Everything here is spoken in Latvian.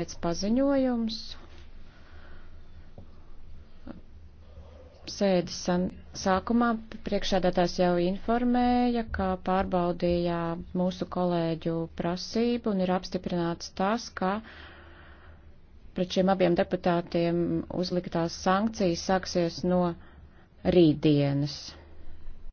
pēc paziņojums. Sēdes sākumā priekšādātājs jau informēja, ka pārbaudīja mūsu kolēģu prasību un ir apstiprināts tas, ka pret šiem abiem deputātiem uzliktās sankcijas sāksies no rītdienas.